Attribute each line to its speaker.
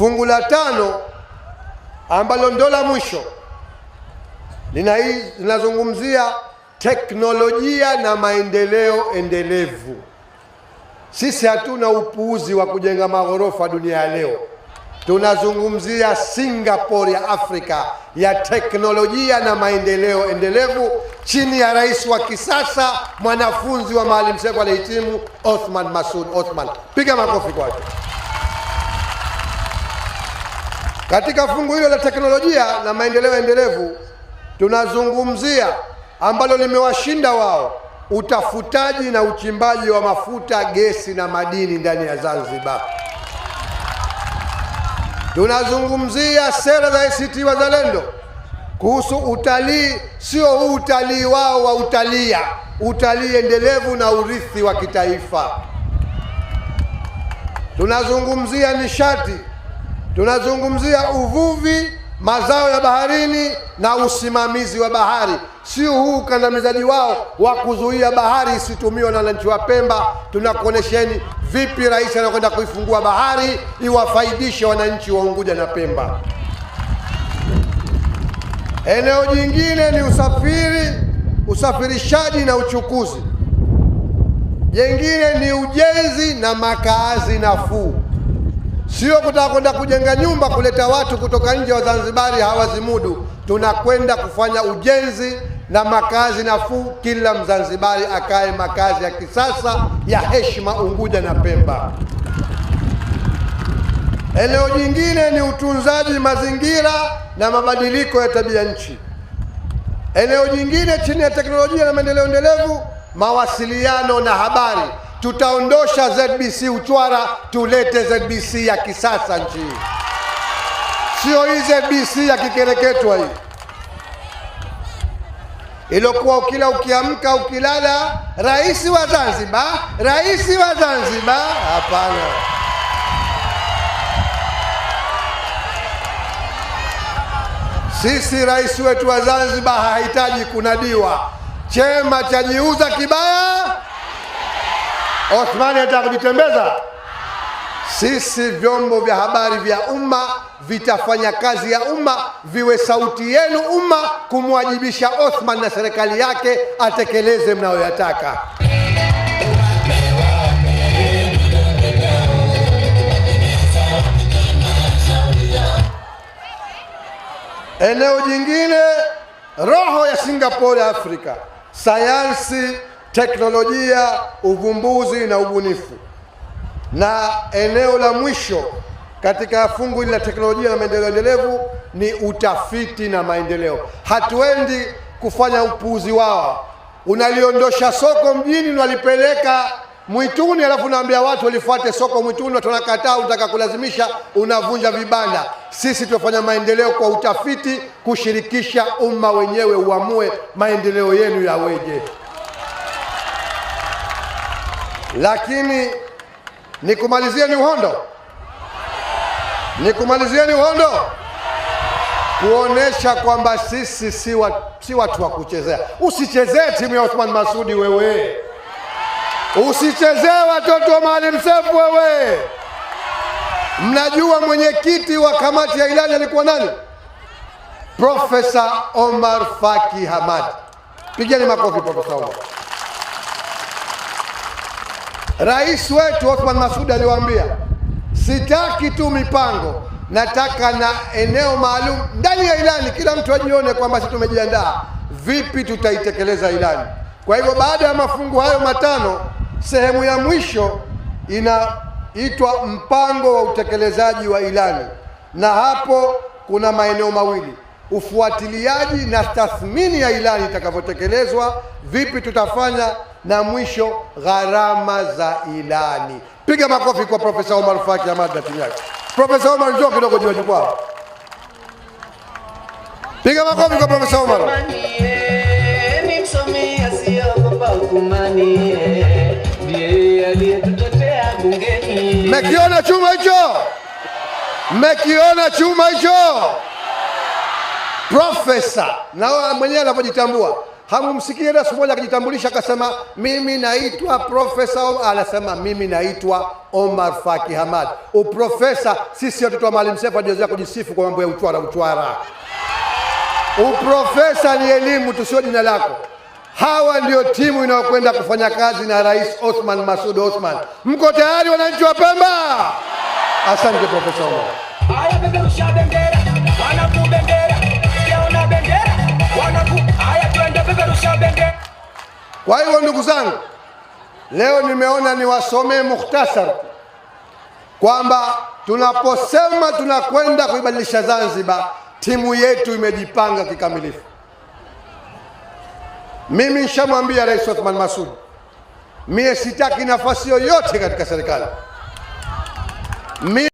Speaker 1: Fungu la tano ambalo ndo la mwisho linazungumzia teknolojia na maendeleo endelevu. Sisi hatuna upuuzi wa kujenga maghorofa dunia ya leo. Tunazungumzia Singapore ya Afrika ya teknolojia na maendeleo endelevu chini ya rais wa kisasa, mwanafunzi wa Maalim Seif aliyehitimu, Othman Masoud Othman. Piga makofi kwake. Katika fungu hilo la teknolojia na maendeleo endelevu tunazungumzia ambalo limewashinda wao utafutaji na uchimbaji wa mafuta, gesi na madini ndani ya Zanzibar. Tunazungumzia sera za ACT Wazalendo kuhusu utalii, sio huu utalii wao wa utalia, utalii endelevu na urithi wa kitaifa. Tunazungumzia nishati Tunazungumzia uvuvi, mazao ya baharini na usimamizi wa bahari, sio huu ukandamizaji wao wa kuzuia bahari isitumiwe na wananchi wa Pemba. Tunakuonesheni vipi rais anakwenda kuifungua bahari iwafaidishe wananchi wa Unguja na Pemba. Eneo jingine ni usafiri, usafirishaji na uchukuzi. Jengine ni ujenzi na makaazi nafuu sio kutaka kwenda kujenga nyumba, kuleta watu kutoka nje. Wazanzibari hawazimudu, tunakwenda kufanya ujenzi na makazi nafuu, kila Mzanzibari akae makazi ya kisasa ya heshima, Unguja na Pemba. Eneo jingine ni utunzaji mazingira na mabadiliko ya tabia nchi. Eneo jingine chini ya teknolojia na maendeleo endelevu, mawasiliano na habari. Tutaondosha ZBC uchwara, tulete ZBC ya kisasa nchini, sio hii ZBC ya kikereketwa hii ilokuwa kila ukiamka ukilala, rais wa Zanzibar, rais wa Zanzibar. Hapana, sisi rais wetu wa Zanzibar hahitaji kunadiwa. Chema chajiuza kibaya Othmani anataka kujitembeza. Sisi vyombo vya habari vya umma vitafanya kazi ya umma, viwe sauti yenu umma, kumwajibisha Othman na serikali yake atekeleze mnayoyataka. Eneo jingine, roho ya Singapore Afrika, sayansi teknolojia, uvumbuzi na ubunifu. Na eneo la mwisho katika fungu hili la teknolojia na maendeleo endelevu ni utafiti na maendeleo. Hatuendi kufanya upuuzi wao. Unaliondosha soko mjini, unalipeleka mwituni, alafu unaambia watu walifuate soko mwituni. Watu wanakataa, unataka kulazimisha, unavunja vibanda. Sisi tunafanya maendeleo kwa utafiti, kushirikisha umma wenyewe uamue maendeleo yenu yaweje. Lakini ni uhondo, ni uhondo, kuonesha kwamba sisi si watu wa kuchezea. Usichezee timu ya Othman Masudi wewe, usichezee watoto wa Maalim Seif wewe. Mnajua mwenyekiti wa kamati ya ilani alikuwa nani? Profesa Omar Faki Hamad. Pigeni makofi Profesa Omar. Rais wetu Othman Masudi aliwaambia, sitaki tu mipango, nataka na eneo maalum ndani ya ilani, kila mtu ajione kwamba sisi tumejiandaa vipi, tutaitekeleza ilani. Kwa hivyo baada ya mafungu hayo matano, sehemu ya mwisho inaitwa mpango wa utekelezaji wa ilani, na hapo kuna maeneo mawili ufuatiliaji na tathmini ya ilani itakavyotekelezwa, vipi tutafanya na mwisho gharama za ilani. Piga makofi kwa Profesa Omar Faki Ahmad na timu yake. Profesa Omar, njoo kidogo juu ya jukwaa. Piga makofi kwa Profesa Omar. Mekiona chuma hicho? Mekiona chuma hicho? Profesa na mwenyewe anapojitambua Hamumsikia hata siku moja akijitambulisha akasema mimi naitwa profesa, anasema mimi naitwa Omar Faki Hamad. Uprofesa sisi watoto wa Maalim Seif hatujazoea kujisifu kwa mambo ya uchwara uchwara. Uprofesa ni elimu tusio jina lako. Hawa ndio timu inayokwenda kufanya kazi na Rais Othman Masud Othman. Mko tayari wananchi wa Pemba? Asante Profesa Omar. Kwa hivyo ndugu zangu, leo nimeona niwasome mukhtasar kwamba tunaposema tunakwenda kuibadilisha Zanzibar, timu yetu imejipanga kikamilifu. Mimi nishamwambia Rais Othman Masud, mie sitaki nafasi yoyote katika serikali